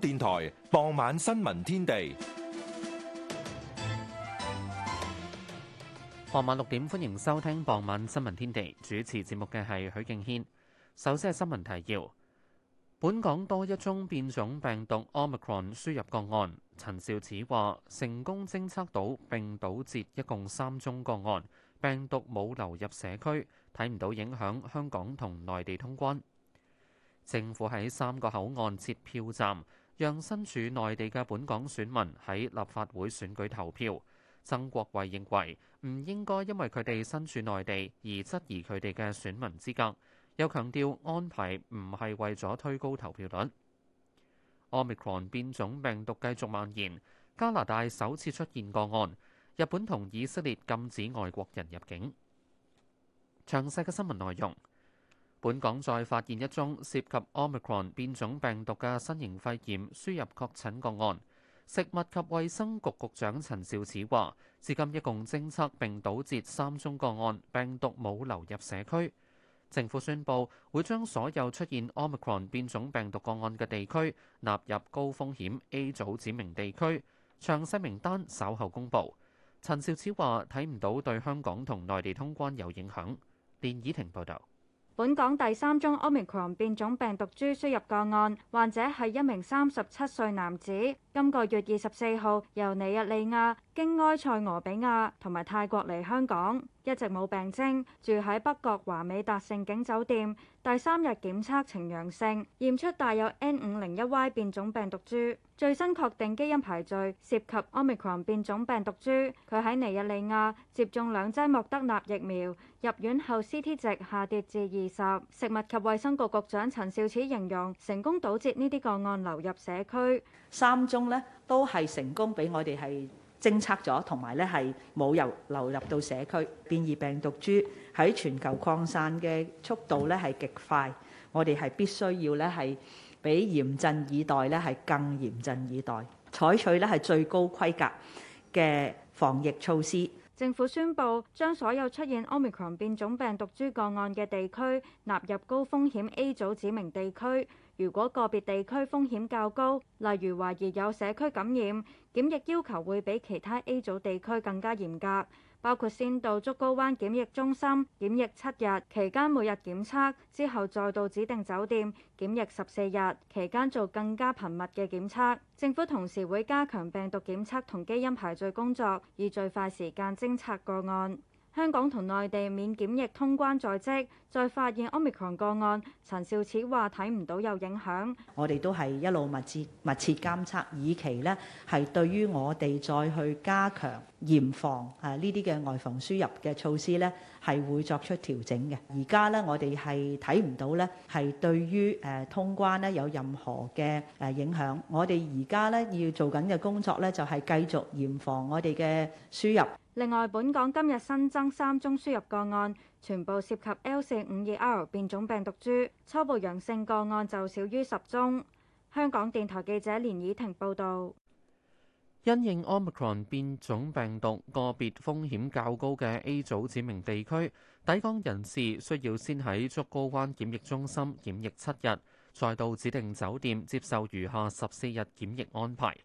電台傍晚新聞天地，傍晚六點，歡迎收聽傍晚新聞天地。主持節目嘅係許敬軒。首先係新聞提要：本港多一宗變種病毒 Omicron 輸入個案。陳肇始話成功偵測到並堵截，一共三宗個案，病毒冇流入社區，睇唔到影響香港同內地通關。政府喺三個口岸設票站。讓身處內地嘅本港選民喺立法會選舉投票，曾國衛認為唔應該因為佢哋身處內地而質疑佢哋嘅選民資格，又強調安排唔係為咗推高投票率。Omicron 變種病毒繼續蔓延，加拿大首次出現個案，日本同以色列禁止外國人入境。詳細嘅新聞內容。本港再發現一宗涉及 Omicron 變種病毒嘅新型肺炎輸入確診個案。食物及衛生局局長陳肇始話，至今一共偵測並堵截三宗個案，病毒冇流入社區。政府宣布會將所有出現 Omicron 變種病毒個案嘅地區納入高風險 A 組指明地區，詳細名單稍後公布。陳肇始話，睇唔到對香港同內地通關有影響。連倚婷報道。本港第三宗 Omicron 變種病毒株輸入個案，患者係一名三十七歲男子，今個月二十四號由尼日利亞，經埃塞俄比亞同埋泰國嚟香港，一直冇病徵，住喺北角華美達盛景酒店。第三日檢測呈陽性，驗出帶有 N 五零一 Y 變種病毒株。最新確定基因排序涉及 Omicron 變種病毒株。佢喺尼日利亞接種兩劑莫德納疫苗，入院後 C T 值下跌至二十。食物及衛生局局長陳肇始形容成功堵截呢啲個案流入社區。三宗呢都係成功俾我哋係偵測咗，同埋咧係冇由流入到社區。變異病毒株喺全球擴散嘅速度咧係極快。我哋係必須要咧係比嚴陣以待咧係更嚴陣以待，採取咧係最高規格嘅防疫措施。政府宣布將所有出現 Omicron 變種病毒株個案嘅地區納入高風險 A 組指明地區。如果個別地區風險較高，例如懷疑有社區感染，檢疫要求會比其他 A 組地區更加嚴格，包括先到竹篙灣檢疫中心檢疫七日，期間每日檢測，之後再到指定酒店檢疫十四日，期間做更加頻密嘅檢測。政府同時會加強病毒檢測同基因排序工作，以最快時間偵測個案。香港同內地免檢疫通關在即，再發現 Omicron 個案，陳肇始話睇唔到有影響。我哋都係一路密切密切監測，以期呢係對於我哋再去加強嚴防啊呢啲嘅外防輸入嘅措施呢係會作出調整嘅。而家呢，我哋係睇唔到呢係對於誒通關咧有任何嘅誒影響。我哋而家呢要做緊嘅工作呢，就係繼續嚴防我哋嘅輸入。另外，本港今日新增三宗輸入個案，全部涉及 L 四五二 R 變種病毒株，初步陽性個案就少於十宗。香港電台記者連以婷報道，因應 Omicron 變種病毒個別風險較高嘅 A 組指明地區，抵港人士需要先喺竹篙灣檢疫中心檢疫七日，再到指定酒店接受餘下十四日檢疫安排。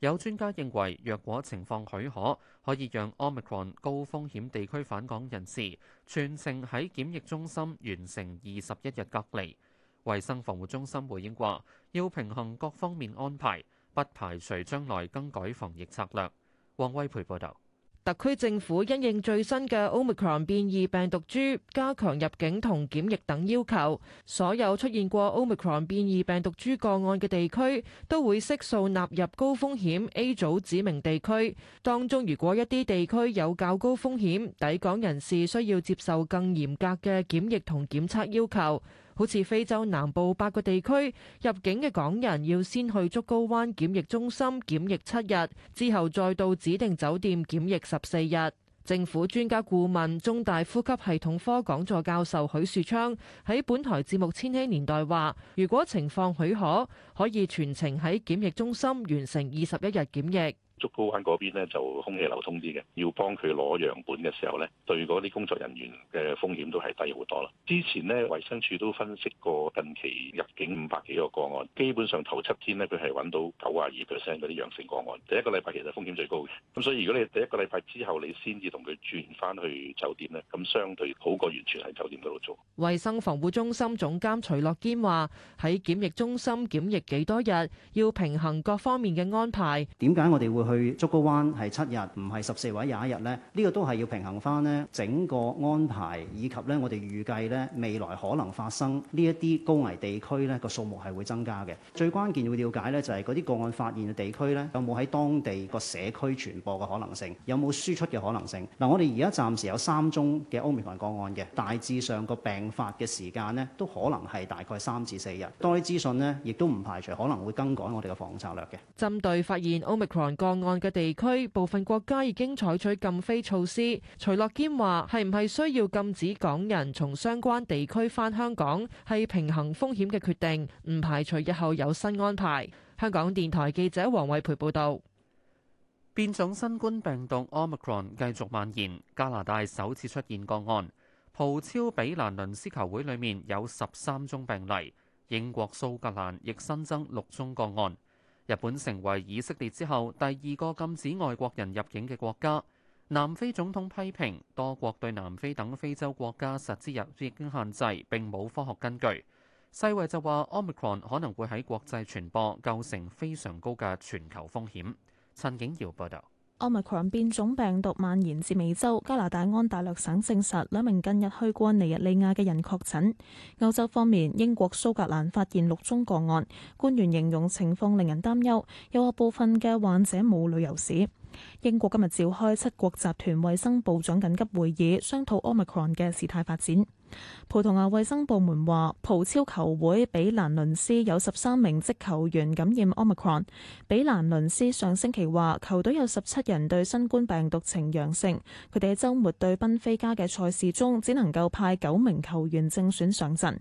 有專家認為，若果情況許可，可以讓 Omicron 高風險地區返港人士全程喺檢疫中心完成二十一日隔離。衛生防護中心回應話，要平衡各方面安排，不排除將來更改防疫策略。黃威培報道。特區政府因應最新嘅 Omicron 變異病毒株，加強入境同檢疫等要求。所有出現過 Omicron 變異病毒株個案嘅地區，都會悉數納入高風險 A 組指明地區。當中如果一啲地區有較高風險，抵港人士需要接受更嚴格嘅檢疫同檢測要求。好似非洲南部八個地區入境嘅港人，要先去竹篙灣檢疫中心檢疫七日，之後再到指定酒店檢疫十四日。政府專家顧問中大呼吸系統科講座教授許樹昌喺本台節目《千禧年代》話，如果情況許可，可以全程喺檢疫中心完成二十一日檢疫。竹篙灣嗰邊咧就空氣流通啲嘅，要幫佢攞樣本嘅時候咧，對嗰啲工作人員嘅風險都係低好多啦。之前咧，衛生署都分析過近期入境五百幾個個案，基本上頭七天咧佢係揾到九啊二 percent 嗰啲陽性個案，第一個禮拜其實風險最高嘅。咁所以如果你第一個禮拜之後，你先至同佢轉翻去酒店咧，咁相對好過完全喺酒店嗰度做。衛生防護中心總監徐樂堅話，喺檢疫中心檢疫幾多日，要平衡各方面嘅安排。點解我哋會。去竹篙灣係七日，唔係十四或廿一日咧。呢、這個都係要平衡翻咧整個安排，以及咧我哋預計咧未來可能發生呢一啲高危地區咧個數目係會增加嘅。最關鍵要了解咧，就係嗰啲個案發現嘅地區咧，有冇喺當地個社區傳播嘅可能性，有冇輸出嘅可能性。嗱、嗯，我哋而家暫時有三宗嘅奧米克戎個案嘅，大致上個病發嘅時間咧都可能係大概三至四日。多啲資訊呢，亦都唔排除可能會更改我哋嘅防控策略嘅。針對發現奧米克戎個案嘅地區，部分國家已經採取禁飛措施。徐樂堅話，係唔係需要禁止港人從相關地區翻香港，係平衡風險嘅決定，唔排除日後有新安排。香港電台記者黃惠培報道。變種新冠病毒 Omicron 繼續蔓延，加拿大首次出現個案。葡超比蘭倫斯球會裏面有十三宗病例。英國蘇格蘭亦新增六宗個案。日本成為以色列之後第二個禁止外國人入境嘅國家。南非總統批評多國對南非等非洲國家實施入境限制並冇科學根據。世衛就話 Omicron 可能會喺國際傳播，構成非常高嘅全球風險。陳景堯報道。Omicron 變種病毒蔓延至美洲，加拿大安大略省證實兩名近日去過尼日利亞嘅人確診。歐洲方面，英國蘇格蘭發現六宗個案，官員形容情況令人擔憂，有部分嘅患者冇旅遊史。英國今日召開七國集團衛生部長緊急會議，商討 Omicron 嘅事態發展。葡萄牙衛生部門話，葡超球會比蘭倫斯有十三名職球員感染 Omicron。比蘭倫斯上星期話，球隊有十七人對新冠病毒呈陽性，佢哋喺周末對賓菲加嘅賽事中，只能夠派九名球員正選上陣。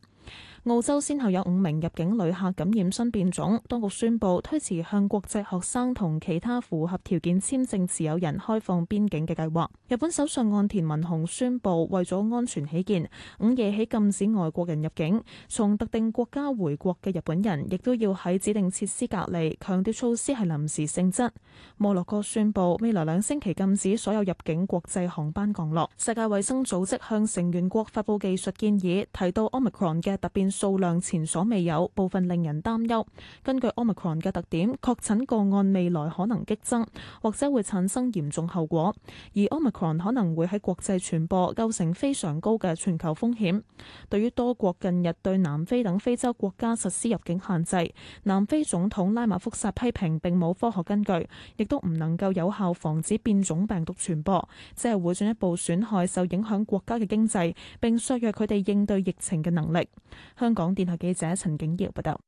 澳洲先後有五名入境旅客感染新變種，當局宣布推遲向國際學生同其他符合條件簽證持有人開放邊境嘅計劃。日本首相岸田文雄宣布，為咗安全起見，午夜起禁止外國人入境，從特定國家回國嘅日本人亦都要喺指定設施隔離。強調措施係臨時性質。摩洛哥宣布未來兩星期禁止所有入境國際航班降落。世界衛生組織向成員國發布技術建議，提到 omicron 嘅。突變數量前所未有，部分令人擔憂。根據 Omicron 嘅特點，確診個案未來可能激增，或者會產生嚴重後果。而 Omicron 可能會喺國際傳播，構成非常高嘅全球風險。對於多國近日對南非等非洲國家實施入境限制，南非總統拉馬福薩批評，並冇科學根據，亦都唔能夠有效防止變種病毒傳播，即係會進一步損害受影響國家嘅經濟，並削弱佢哋應對疫情嘅能力。香港電台記者陳景堯報道，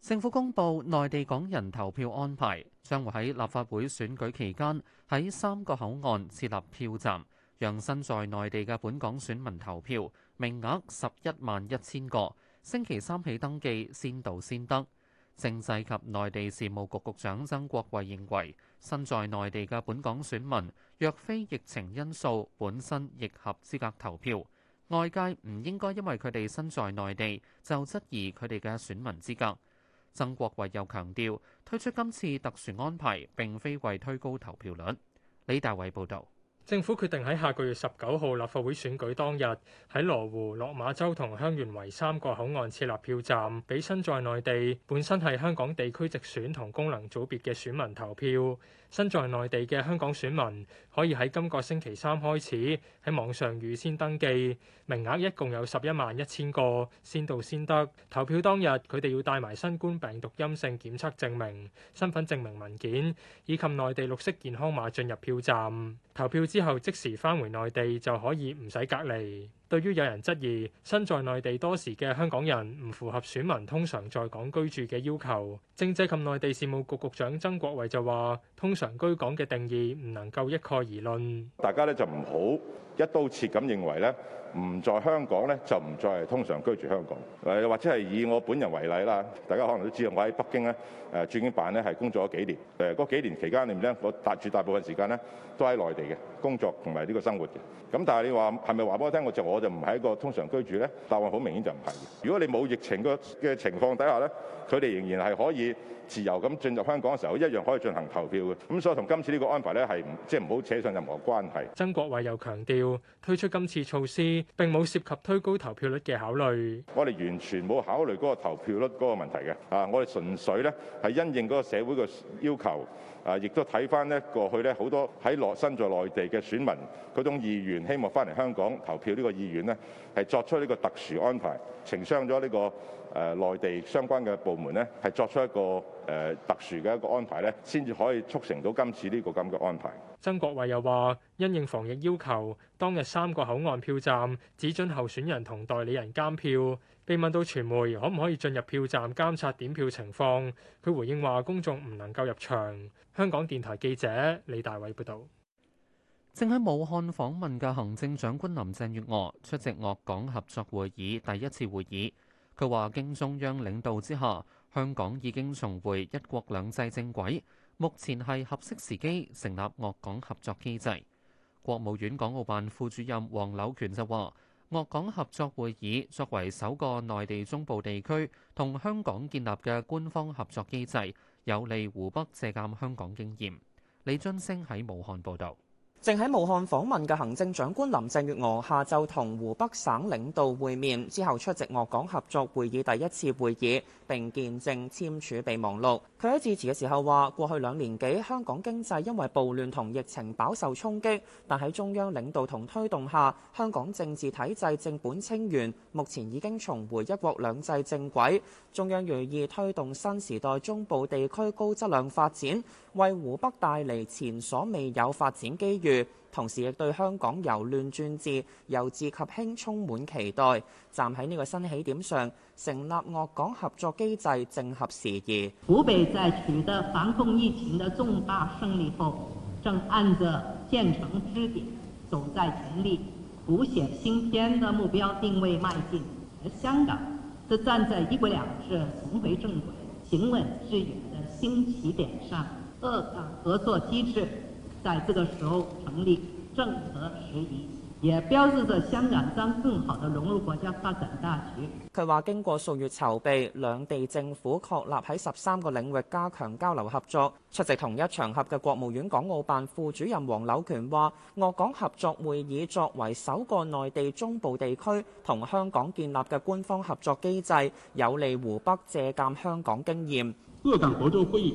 政府公布內地港人投票安排，將會喺立法會選舉期間喺三個口岸設立票站，讓身在內地嘅本港選民投票，名額十一萬一千個，星期三起登記，先到先得。政制及內地事務局局長曾國衛認為，身在內地嘅本港選民，若非疫情因素，本身亦合資格投票。外界唔應該因為佢哋身在內地就質疑佢哋嘅選民資格。曾國衞又強調，推出今次特殊安排並非為推高投票率。李大偉報導，政府決定喺下個月十九號立法會選舉當日，喺羅湖、落馬洲同香園圍三個口岸設立票站，俾身在內地、本身係香港地區直選同功能組別嘅選民投票。身在內地嘅香港選民可以喺今個星期三開始喺網上預先登記，名額一共有十一萬一千個，先到先得。投票當日，佢哋要帶埋新冠病毒陰性檢測證明、身份證明文件以及內地綠色健康碼進入票站。投票之後即時返回內地，就可以唔使隔離。對於有人質疑身在內地多時嘅香港人唔符合選民通常在港居住嘅要求，政制及內地事務局局長曾國衛就話：通常居港嘅定義唔能夠一概而論，大家咧就唔好一刀切咁認為咧。唔在香港咧，就唔再係通常居住香港。誒，或者係以我本人為例啦，大家可能都知道我喺北京咧。誒、啊，駐京辦咧係工作咗幾年。誒，嗰幾年期間，你唔知我大絕大部分時間咧都喺內地嘅工作同埋呢個生活嘅。咁但係你話，係咪話俾我聽，我就我就唔係一個通常居住咧？答案好明顯就唔係。如果你冇疫情個嘅情況底下咧，佢哋仍然係可以自由咁進入香港嘅時候，一樣可以進行投票嘅。咁所以同今次呢個安排咧係，即係唔好扯上任何關係。曾國衞又強調推出今次措施。並冇涉及推高投票率嘅考慮。我哋完全冇考慮嗰個投票率嗰個問題嘅。啊，我哋純粹咧係因應嗰個社會嘅要求，啊，亦都睇翻呢過去咧好多喺落身在內地嘅選民嗰種意願，希望翻嚟香港投票個意願呢個意願咧，係作出呢個特殊安排，承商咗呢、呢個誒、呃、內地相關嘅部門咧，係作出一個誒、呃、特殊嘅一個安排咧，先至可以促成到今次呢個咁嘅安排。曾國衛又話：因應防疫要求，當日三個口岸票站只准候選人同代理人監票。被問到傳媒可唔可以進入票站監察點票情況，佢回應話：公眾唔能夠入場。香港電台記者李大偉報導。正喺武漢訪問嘅行政長官林鄭月娥出席鄂港合作會議第一次會議，佢話：經中央領導之下，香港已經重回一國兩制正軌。目前係合適時機成立鄂港合作機制。國務院港澳辦副主任黃柳權就話，鄂港合作會議作為首個內地中部地區同香港建立嘅官方合作機制，有利湖北借鑑香港經驗。李津星喺武漢報導。正喺武漢訪問嘅行政長官林鄭月娥，下晝同湖北省領導會面，之後出席鄂港合作會議第一次會議，並見證簽署備忘錄。佢喺致辭嘅時候話：過去兩年幾，香港經濟因為暴亂同疫情飽受衝擊，但喺中央領導同推動下，香港政治體制正本清源，目前已經重回一國兩制正軌。中央願意推動新時代中部地區高質量發展。為湖北帶嚟前所未有的發展機遇，同時亦對香港由亂轉治、由治及興充滿期待。站喺呢個新起點上，成立鄂港合作機制正合時宜。湖北在取得防控疫情的重大勝利後，正按著建成支點、走在前列、譜寫新篇的目標定位邁進。而香港則站在一國兩制重回正軌、行穩致遠的新起點上。鄂港合作機制在這個時候成立，正合時宜，也標誌着香港將更好的融入國家發展大局。佢話，經過數月籌備，兩地政府確立喺十三個領域加強交流合作。出席同一場合嘅國務院港澳辦副主任黃柳權話，鄂港合作會議作為首個內地中部地區同香港建立嘅官方合作機制，有利湖北借鑒香港經驗。鄂港合作會議。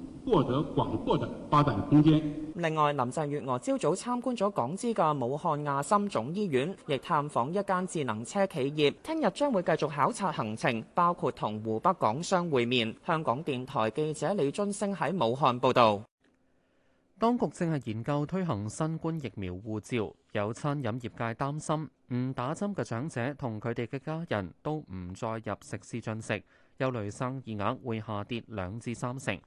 另外，林鄭月娥朝早參觀咗港資嘅武漢亞心總醫院，亦探訪一間智能車企業。聽日將會繼續考察行程，包括同湖北港商會面。香港電台記者李津星喺武漢報道。當局正係研究推行新冠疫苗護照，有餐飲業界擔心，唔打針嘅長者同佢哋嘅家人都唔再入食肆進食，憂慮生意額會下跌兩至三成。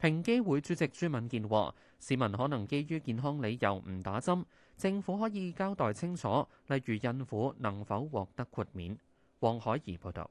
平機會主席朱敏健話：市民可能基於健康理由唔打針，政府可以交代清楚，例如孕婦能否獲得豁免。黃海怡報導。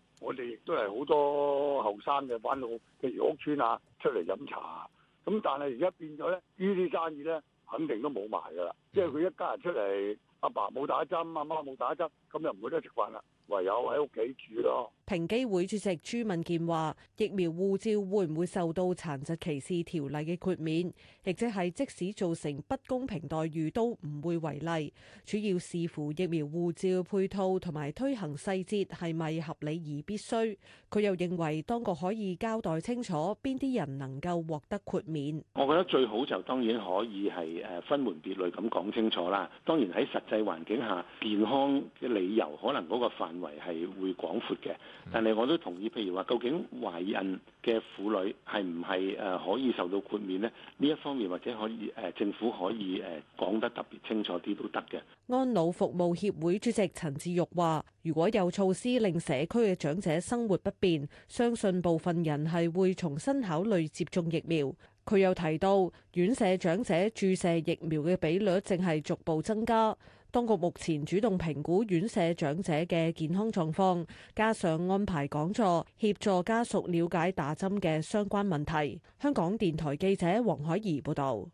我哋亦都係好多後生嘅玩到譬如屋村啊，出嚟飲茶，咁但係而家變咗咧，呢啲生意咧肯定都冇埋㗎啦，即係佢一家人出嚟，阿爸冇打針，阿媽冇打針，咁又唔會得食飯啦。唯有喺屋企住咯。平機會主席朱敏健話疫苗護照會唔會受到殘疾歧視條例嘅豁免，亦即係即使造成不公平待遇都唔會為例。主要視乎疫苗護照配套同埋推行細節係咪合理而必須，佢又認為當局可以交代清楚邊啲人能夠獲得豁免。我覺得最好就當然可以係誒分門別類咁講清楚啦。當然喺實際環境下，健康嘅理由可能嗰個範，係會廣闊嘅，嗯、但係我都同意，譬如話，究竟懷孕嘅婦女係唔係誒可以受到豁免呢？呢一方面或者可以誒政府可以誒講得特別清楚啲都得嘅。安老服務協會主席陳志玉話，如果有措施令社區嘅長者生活不便，相信部分人係會重新考慮接種疫苗。佢又提到，院舍長者注射疫苗嘅比率正係逐步增加。當局目前主動評估院舍長者嘅健康狀況，加上安排講座，協助家屬了解打針嘅相關問題。香港電台記者黃海怡報導。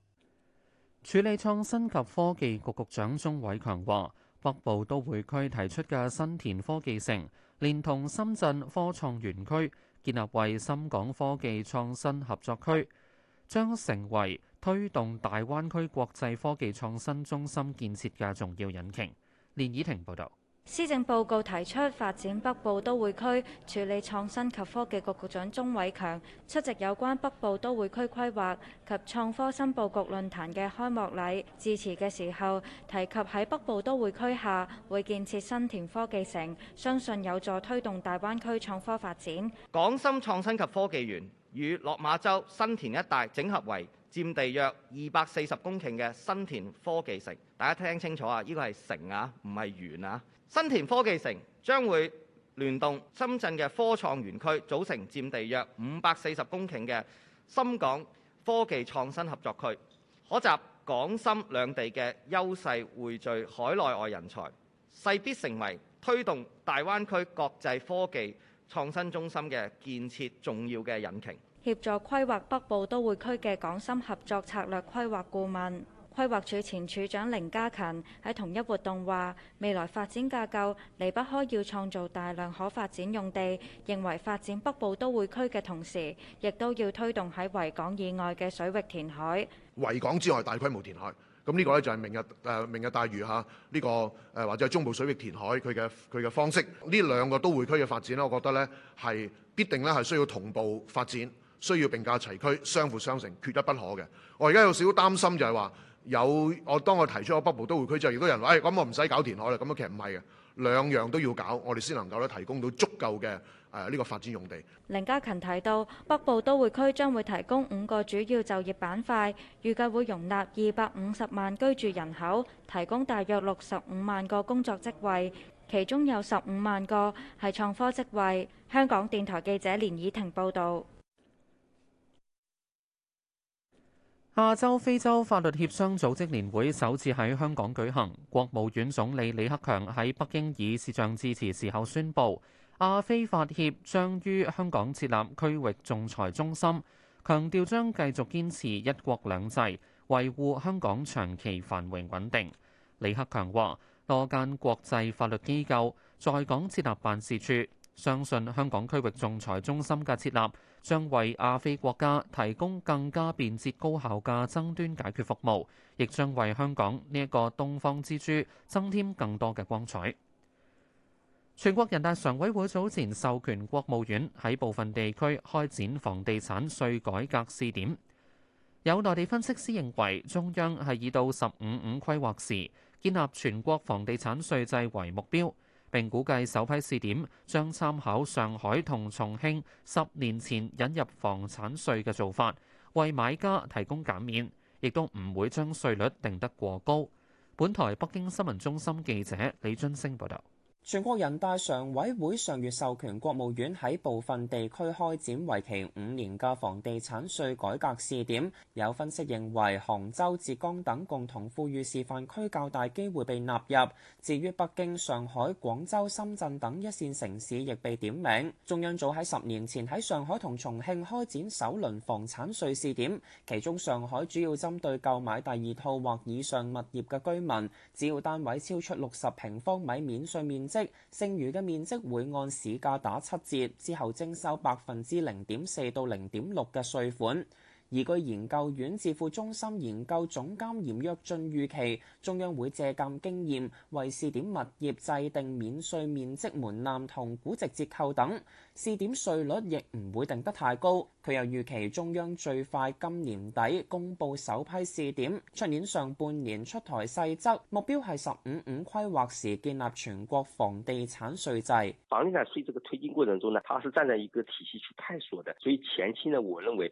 署理創新及科技局局長鍾偉強話，北部都會區提出嘅新田科技城，連同深圳科創園區，建立為深港科技創新合作區，將成為。推動大灣區國際科技創新中心建設嘅重要引擎。連以婷報導。施政報告提出發展北部都會區，處理創新及科技局局長鍾偉強出席有關北部都會區規劃及創科新佈局論壇嘅開幕禮致辭嘅時候，提及喺北部都會區下會建設新田科技城，相信有助推動大灣區創科發展。港深創新及科技園與落馬洲、新田一帶整合為。佔地約二百四十公頃嘅新田科技城，大家聽清楚啊！呢個係城啊，唔係園啊。新田科技城將會聯動深圳嘅科創園區，組成佔地約五百四十公頃嘅深港科技創新合作區，可集港深兩地嘅優勢匯聚海內外人才，勢必成為推動大灣區國際科技創新中心嘅建設重要嘅引擎。協助規劃北部都會區嘅港深合作策略規劃顧問、規劃署前署長凌家勤喺同一活動話：未來發展架構離不開要創造大量可發展用地。認為發展北部都會區嘅同時，亦都要推動喺維港以外嘅水域填海。維港之外大規模填海，咁呢個咧就係明日誒明日大嶼嚇呢個誒或者係中部水域填海佢嘅佢嘅方式。呢兩個都會區嘅發展咧，我覺得呢係必定呢係需要同步發展。需要並駕齊驅，相輔相成，缺一不可嘅。我而家有少少擔心，就係話有我當我提出個北部都會區之後，亦都有人話，誒咁我唔使搞填海啦。咁其實唔係嘅，兩樣都要搞，我哋先能夠咧提供到足夠嘅誒呢個發展用地。凌嘉勤提到，北部都會區將會提供五個主要就業板塊，預計會容納二百五十萬居住人口，提供大約六十五萬個工作職位，其中有十五萬個係創科職位。香港電台記者連以婷報導。亞洲非洲法律協商組織年會首次喺香港舉行，國務院總理李克強喺北京以視像致辭時候宣布，亞非法協將於香港設立區域仲裁中心，強調將繼續堅持一國兩制，維護香港長期繁榮穩定。李克強話多間國際法律機構在港設立辦事處，相信香港區域仲裁中心嘅設立。將為亞非國家提供更加便捷高效嘅爭端解決服務，亦將為香港呢一個東方之珠增添更多嘅光彩。全國人大常委會早前授權國務院喺部分地區開展房地產稅改革試點。有內地分析師認為，中央係以到「十五五」規劃時建立全國房地產稅制為目標。並估計首批試點將參考上海同重慶十年前引入房產稅嘅做法，為買家提供減免，亦都唔會將稅率定得過高。本台北京新聞中心記者李津星報道。全國人大常委會上月授權國務院喺部分地區開展為期五年嘅房地產稅改革試點，有分析認為杭州、浙江等共同富裕示範區較大機會被納入。至於北京、上海、廣州、深圳等一線城市亦被點名。中央早喺十年前喺上海同重慶開展首輪房產稅試點，其中上海主要針對購買第二套或以上物業嘅居民，只要單位超出六十平方米免稅面積。剩餘嘅面積會按市價打七折，之後徵收百分之零點四到零點六嘅稅款。而據研究院智庫中心研究總監嚴躍進預期，中央會借鑑經驗，為試點物業制定免稅面積門檻同估值折扣等。試點稅率亦唔會定得太高。佢又預期中央最快今年底公布首批試點，出年上半年出台細則，目標係十五五規劃時建立全國房地產稅制。房地產稅這個推進過程中呢，它是站在一個體系去探索的，所以前期呢，我認為，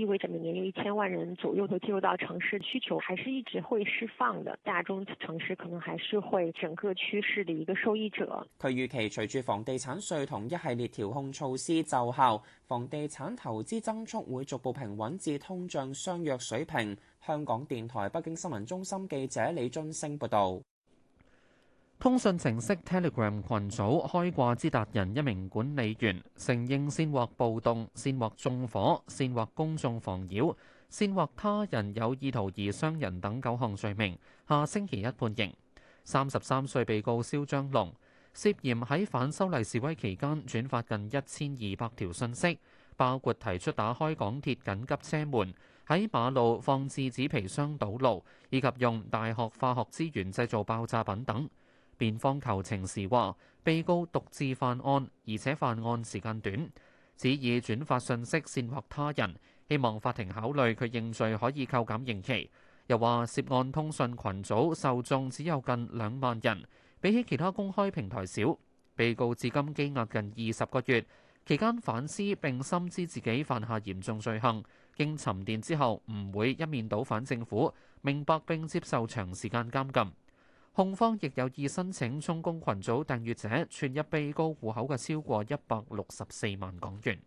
意味着每年有一千萬人左右都進入到城市，需求還是一直會釋放的，大中城市可能還是會整個趨勢的一個受益者。佢預期隨住房地產稅同一系列調控措施奏效，房地產投資增速會逐步平穩至通脹相約水平。香港電台北京新聞中心記者李津星報道。通訊程式 Telegram 群組開掛之達人，一名管理員承認煽惑暴動、煽惑縱火、煽惑公眾妨擾、煽惑他人有意圖而傷人等九項罪名，下星期一判刑。三十三歲被告蕭張龍涉嫌喺反修例示威期間轉發近一千二百條信息，包括提出打開港鐵緊急車門、喺馬路放置紙皮箱堵路，以及用大學化學資源製造爆炸品等。辯方求情時話：被告獨自犯案，而且犯案時間短，只以轉發信息煽惑他人，希望法庭考慮佢認罪可以扣減刑期。又話涉案通訊群組受眾只有近兩萬人，比起其他公開平台少。被告至今羈押近二十個月，期間反思並深知自己犯下嚴重罪行，經沉澱之後唔會一面倒反政府，明白並接受長時間監禁。控方亦有意申請充公群組訂閱者存入被告戶口嘅超過一百六十四萬港元。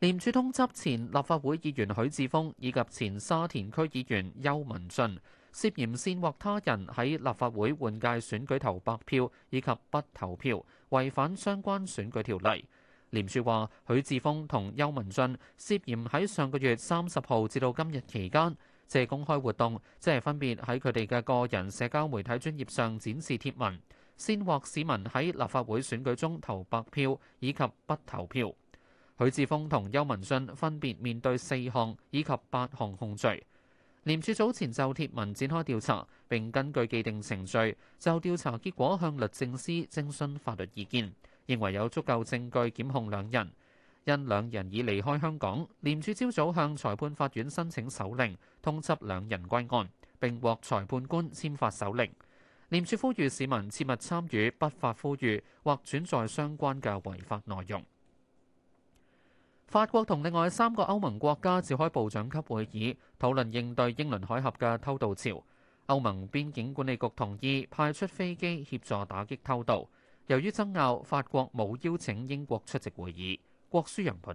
廉署通緝前立法會議員許智峰以及前沙田區議員邱文俊涉嫌煽惑他人喺立法會換屆選舉投白票以及不投票，違反相關選舉條例。廉署話許智峰同邱文俊涉嫌喺上個月三十號至到今日期間，借公開活動，即係分別喺佢哋嘅個人社交媒體專頁上展示帖文，煽惑市民喺立法會選舉中投白票以及不投票。許智峯同邱文俊分別面對四項以及八項控罪。廉署早前就帖文展開調查，並根據既定程序就調查結果向律政司徵詢法律意見，認為有足夠證據檢控兩人。因兩人已離開香港，廉署朝早向裁判法院申請手令。通緝兩人歸案，並獲裁判官簽發手令。廉署呼籲市民切勿參與不法呼籲或轉載相關嘅違法內容。法國同另外三個歐盟國家召開部長級會議，討論應對英倫海峽嘅偷渡潮。歐盟邊境管理局同意派出飛機協助打擊偷渡。由於爭拗，法國冇邀請英國出席會議。郭舒揚報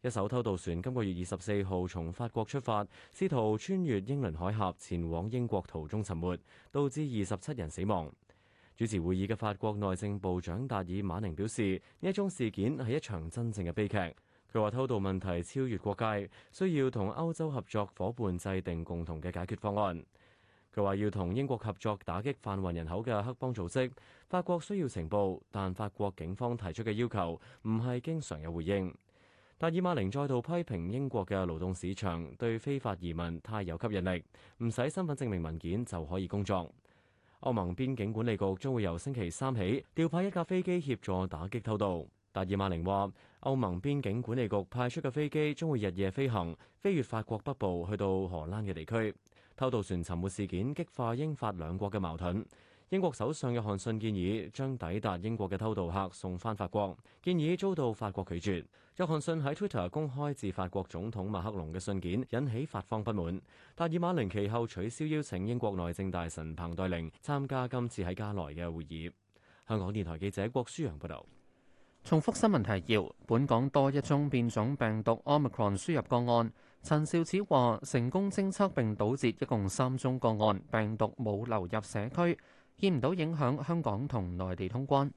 一艘偷渡船今個月二十四號從法國出發，試圖穿越英倫海峽前往英國，途中沉沒，導致二十七人死亡。主持會議嘅法國內政部長達爾馬寧表示，呢一宗事件係一場真正嘅悲劇。佢話偷渡問題超越國界，需要同歐洲合作伙伴制定共同嘅解決方案。佢話要同英國合作打擊販運人口嘅黑幫組織。法國需要情報，但法國警方提出嘅要求唔係經常有回應。達爾馬寧再度批評英國嘅勞動市場對非法移民太有吸引力，唔使身份證明文件就可以工作。歐盟邊境管理局將會由星期三起調派一架飛機協助打擊偷渡。達爾馬寧話：歐盟邊境管理局派出嘅飛機將會日夜飛行，飛越法國北部去到荷蘭嘅地區。偷渡船沉沒事件激化英法兩國嘅矛盾。英國首相約翰遜建議將抵達英國嘅偷渡客送返法國，建議遭到法國拒絕。約翰遜喺 Twitter 公開致法國總統馬克龍嘅信件，引起法方不滿。達爾馬寧其後取消邀請英國內政大臣彭黛玲參加今次喺加萊嘅會議。香港電台記者郭舒揚報道：「重複新聞提要：本港多一宗變種病毒 Omicron 輸入個案。陳肇始話：成功偵測並堵截，一共三宗個案，病毒冇流入社區。見唔到影響香港同內地通關。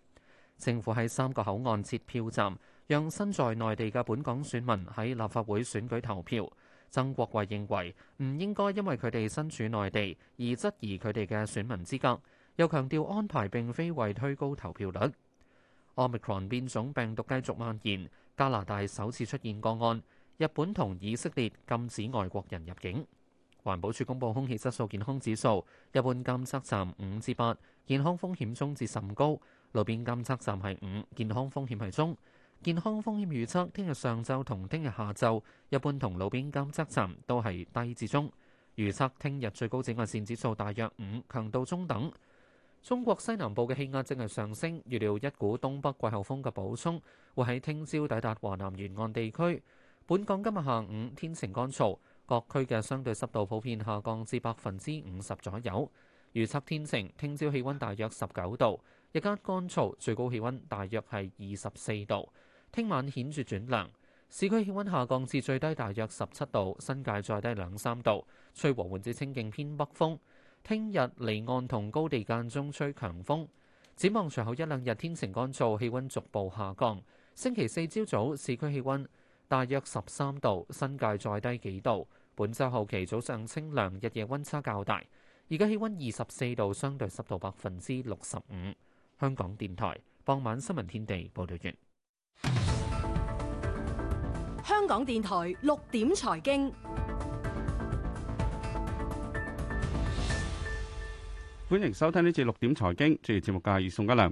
政府喺三個口岸設票站，讓身在內地嘅本港選民喺立法會選舉投票。曾國衞認為唔應該因為佢哋身處內地而質疑佢哋嘅選民資格，又強調安排並非為推高投票率。Omicron 變種病毒繼續蔓延，加拿大首次出現個案，日本同以色列禁止外國人入境。環保署公布空氣質素健康指數，一般監測站五至八，健康風險中至甚高；路邊監測站係五，健康風險係中。健康風險預測，聽日上晝同聽日下晝，一般同路邊監測站都係低至中。預測聽日最高紫外線指數大約五，強度中等。中國西南部嘅氣壓正係上升，預料一股東北季候風嘅補充會喺聽朝抵達華南沿岸地區。本港今日下午天晴乾燥。各區嘅相對濕度普遍下降至百分之五十左右。預測天晴，聽朝氣溫大約十九度，日間乾燥，最高氣溫大約係二十四度。聽晚顯著轉涼，市區氣溫下降至最低大約十七度，新界再低兩三度，吹和緩至清勁偏北風。聽日離岸同高地間中吹強風。展望隨後一兩日天晴乾燥，氣溫逐步下降。星期四朝早市區氣溫大約十三度，新界再低幾度。本周後期早上清涼，日夜温差較大。而家氣溫二十四度，相對濕度百分之六十五。香港電台傍晚新聞天地，報道完。香港電台六點財經，歡迎收聽呢次六點財經，主持節目嘅係宋家良。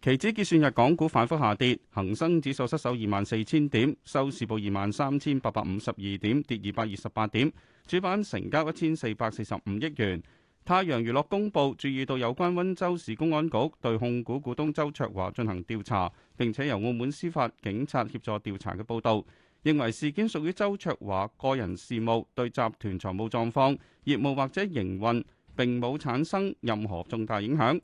期指結算日，港股反覆下跌，恒生指數失守二萬四千點，收市報二萬三千八百五十二點，跌二百二十八點，主板成交一千四百四十五億元。太陽娛樂公布注意到有關溫州市公安局對控股股東周卓華進行調查，並且由澳門司法警察協助調查嘅報道，認為事件屬於周卓華個人事務，對集團財務狀況、業務或者營運，並冇產生任何重大影響。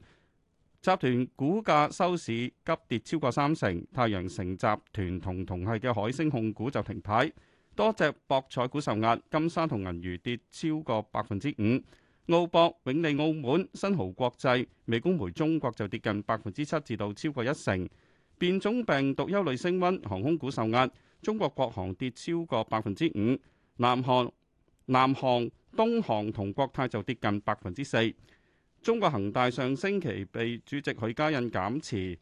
集團股價收市急跌超過三成，太陽城集團同同系嘅海星控股就停牌，多隻博彩股受壓，金沙同銀娛跌超過百分之五，澳博、永利澳門、新濠國際、美高梅中國就跌近百分之七至到超過一成，變種病毒憂慮升溫，航空股受壓，中國國航跌超過百分之五，南航、南航、東航同國泰就跌近百分之四。中國恒大上星期被主席許家印減持，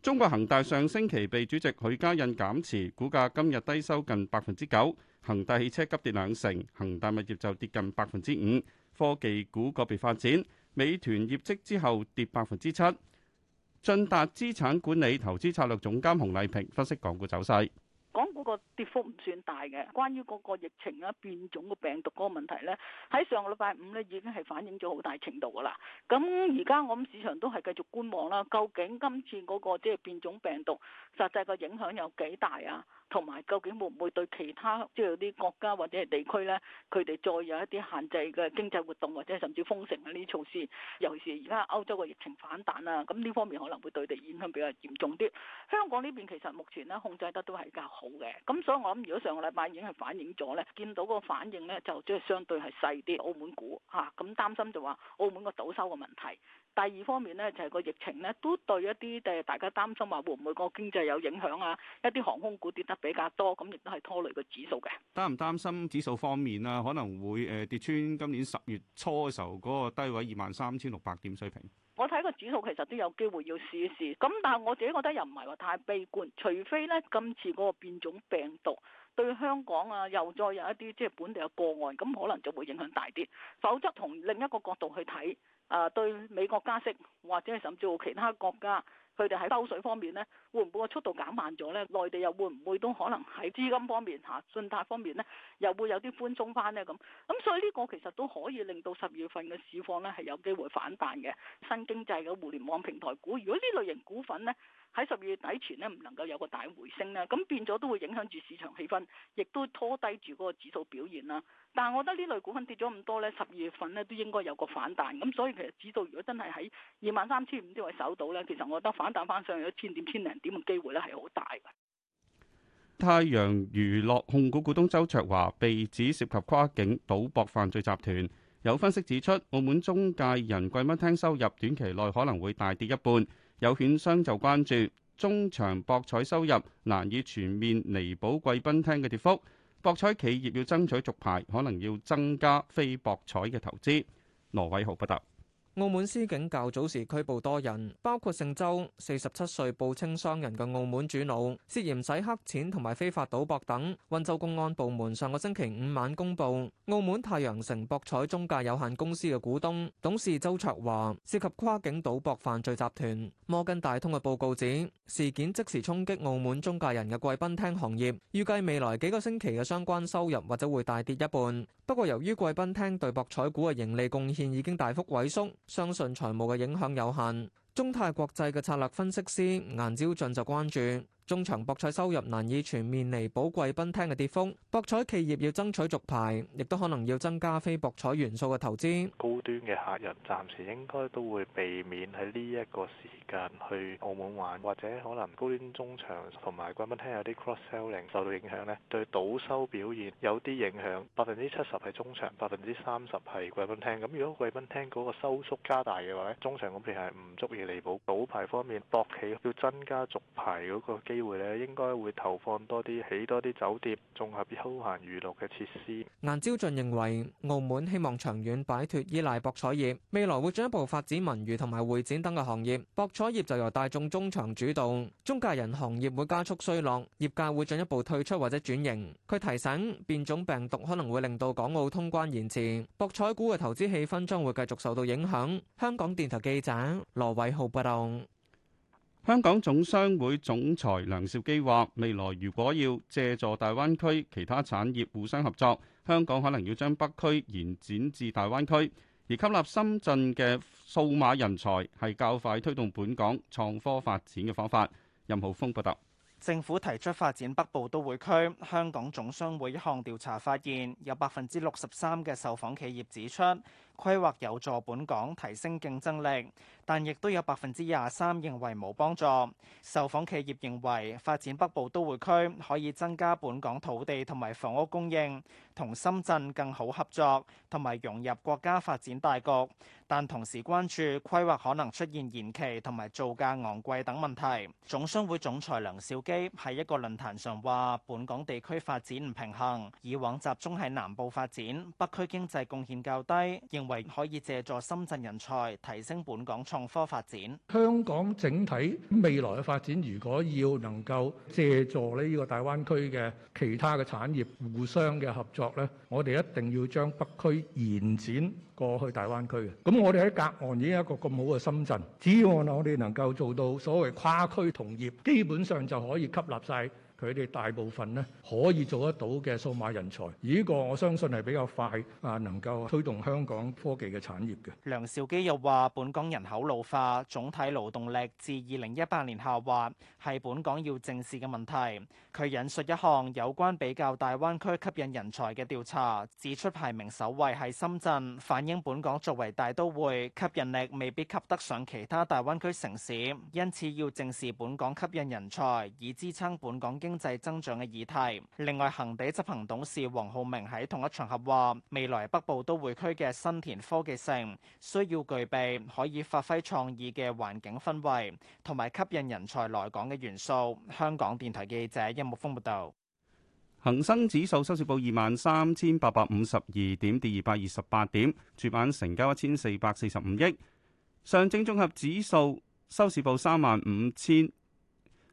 中國恒大上星期被主席許家印減持，股價今日低收近百分之九，恒大汽車急跌兩成，恒大物業就跌近百分之五，科技股個別發展，美團業績之後跌百分之七，駿達資產管理投資策略總監洪麗萍分析港股走勢。港股個跌幅唔算大嘅，關於嗰個疫情啊變種嘅病毒嗰個問題呢，喺上個禮拜五呢已經係反映咗好大程度噶啦。咁而家我諗市場都係繼續觀望啦，究竟今次嗰個即係變種病毒實際個影響有幾大啊？同埋究竟會唔會對其他即係有啲國家或者係地區呢，佢哋再有一啲限制嘅經濟活動或者係甚至封城嘅呢啲措施？尤其是而家歐洲嘅疫情反彈啊，咁呢方面可能會對佢哋影響比較嚴重啲。香港呢邊其實目前呢控制得都係較好嘅，咁所以我諗如果上個禮拜已經係反映咗呢，見到嗰個反應呢，就即係相對係細啲澳門股嚇，咁、啊、擔心就話澳門個倒收嘅問題。第二方面呢，就係個疫情呢，都對一啲誒大家擔心話會唔會個經濟有影響啊？一啲航空股跌得比較多，咁亦都係拖累個指數嘅。擔唔擔心指數方面啊，可能會誒跌穿今年十月初嘅時候嗰個低位二萬三千六百點水平。我睇個指數其實都有機會要試一試。咁但係我自己覺得又唔係話太悲觀，除非呢今次嗰個變種病毒對香港啊又再有一啲即係本地嘅個案，咁可能就會影響大啲。否則從另一個角度去睇。啊，對美國加息，或者甚至乎其他國家，佢哋喺收水方面咧，會唔會個速度減慢咗呢？內地又會唔會都可能喺資金方面嚇、信貸方面咧，又會有啲寬鬆翻呢？咁，咁所以呢個其實都可以令到十月份嘅市況咧係有機會反彈嘅。新經濟嘅互聯網平台股，如果呢類型股份呢，喺十二月底前呢，唔能夠有個大回升咧，咁變咗都會影響住市場氣氛，亦都拖低住嗰個指數表現啦。但係我覺得呢類股份跌咗咁多呢，十二月份呢都應該有個反彈。咁所以其實指數如果真係喺二萬三千五呢位守到呢，其實我覺得反彈翻上去一千點、千零點嘅機會呢係好大。太陽娛樂控股股東周卓華被指涉及跨境賭博犯罪集團，有分析指出，澳門中介人貴賓廳收入短期內可能會大跌一半。有券商就關注中場博彩收入難以全面彌補貴賓廳嘅跌幅，博彩企業要爭取續牌，可能要增加非博彩嘅投資。羅偉豪報道。澳門司警較早時拘捕多人，包括姓周、四十七歲報稱商人嘅澳門主腦，涉嫌洗黑錢同埋非法賭博等。溫州公安部門上個星期五晚公布，澳門太陽城博彩中介有限公司嘅股東、董事周卓華，涉及跨境賭博犯罪集團。摩根大通嘅報告指，事件即時衝擊澳門中介人嘅貴賓廳行業，預計未來幾個星期嘅相關收入或者會大跌一半。不過，由於貴賓廳對博彩股嘅盈利貢獻已經大幅萎縮。相信財務嘅影響有限。中泰國際嘅策略分析師顏朝俊就關注，中場博彩收入難以全面彌補貴賓廳嘅跌幅，博彩企業要爭取續牌，亦都可能要增加非博彩元素嘅投資。高端嘅客人暫時應該都會避免喺呢一個時間去澳門玩，或者可能高端中場同埋貴賓廳有啲 cross selling 受到影響咧，對賭收表現有啲影響。百分之七十係中場，百分之三十係貴賓廳。咁如果貴賓廳嗰個收縮加大嘅話咧，中場嗰邊係唔足以彌補。賭牌方面，博企要增加續牌嗰個機。機會呢，應該會投放多啲起多啲酒店、綜合休閒娛樂嘅設施。顏朝俊認為澳門希望長遠擺脫依賴博彩業，未來會進一步發展文娛同埋會展等嘅行業。博彩業就由大眾中場主導，中介人行業會加速衰落，業界會進一步退出或者轉型。佢提醒，變種病毒可能會令到港澳通關延遲，博彩股嘅投資氣氛將會繼續受到影響，香港電台記者羅偉浩報道。香港總商會總裁梁兆基話，未來如果要借助大灣區其他產業互相合作，香港可能要將北區延展至大灣區，而吸納深圳嘅數碼人才係較快推動本港創科發展嘅方法。任浩峰報道。政府提出發展北部都會區，香港總商會一項調查發現，有百分之六十三嘅受訪企業指出。規劃有助本港提升競爭力，但亦都有百分之廿三認為冇幫助。受訪企業認為發展北部都會區可以增加本港土地同埋房屋供應，同深圳更好合作，同埋融入國家發展大局。但同時關注規劃可能出現延期同埋造價昂貴等問題。總商會總裁梁兆基喺一個論壇上話，本港地區發展唔平衡，以往集中喺南部發展，北區經濟貢獻較低，認。可以藉助深圳人才提升本港創科發展。香港整體未來嘅發展，如果要能夠藉助咧呢個大灣區嘅其他嘅產業互相嘅合作咧，我哋一定要將北區延展過去大灣區嘅。咁我哋喺隔岸已經有一個咁好嘅深圳，只要我哋能夠做到所謂跨區同業，基本上就可以吸納曬。佢哋大部分呢可以做得到嘅數碼人才，呢個我相信係比較快啊，能夠推動香港科技嘅產業嘅。梁兆基又話，本港人口老化，總體勞動力自二零一八年下滑，係本港要正視嘅問題，佢引述一項有關比較大灣區吸引人才嘅調查，指出排名首位係深圳，反映本港作為大都會吸引力未必及得上其他大灣區城市，因此要正視本港吸引人才，以支撐本港經。經濟增長嘅議題。另外，恒地執行董事黃浩明喺同一場合話，未來北部都會區嘅新田科技城需要具備可以發揮創意嘅環境氛圍，同埋吸引人才來港嘅元素。香港電台記者殷木峰報道。恒生指數收市報二萬三千八百五十二點，跌二百二十八點，主板成交一千四百四十五億。上證綜合指數收市報三萬五千。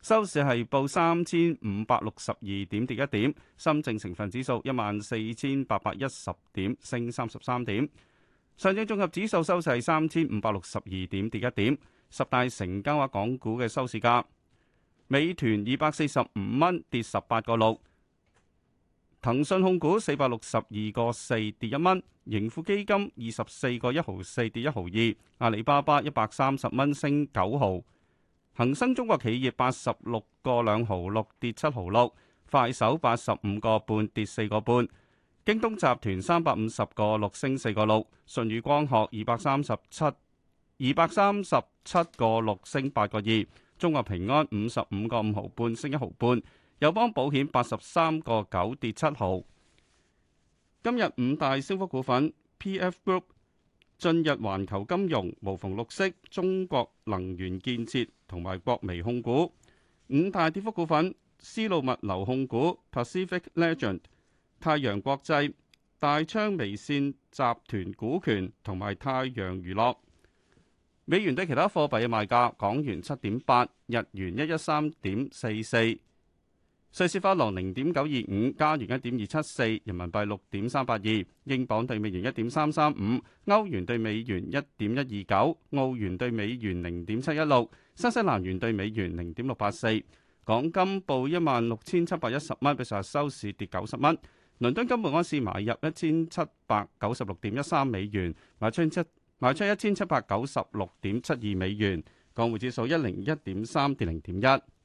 收市係報三千五百六十二點跌一點，深證成分指數一萬四千八百一十點升三十三點，上證綜合指數收市係三千五百六十二點跌一點。十大成交額港股嘅收市價，美團二百四十五蚊跌十八個六，騰訊控股四百六十二個四跌一蚊，盈富基金二十四個一毫四跌一毫二，阿里巴巴一百三十蚊升九毫。恒生中國企業八十六個兩毫六跌七毫六，快手八十五個半跌四個半，京東集團三百五十個六升四個六，舜宇光學二百三十七二百三十七個六升八個二，中國平安五十五個五毫半升一毫半，友邦保險八十三個九跌七毫。今日五大升幅股份，PF Group 進入環球金融，無逢綠色中國能源建設同埋國微控股五大跌幅股份，絲路物流控股 Pacific Legend、太陽國際、大昌微線集團股權同埋太陽娛樂。美元對其他貨幣嘅賣價：港元七點八，日元一一三點四四。瑞士法郎零點九二五，加元一點二七四，人民幣六點三八二，英鎊對美元一點三三五，歐元對美元一點一二九，澳元對美元零點七一六，新西蘭元對美元零點六八四。港金報一萬六千七百一十蚊，比上日收市跌九十蚊。倫敦金每安士買入一千七百九十六點一三美元，賣出一賣出一千七百九十六點七二美元。港匯指數一零一點三跌零點一。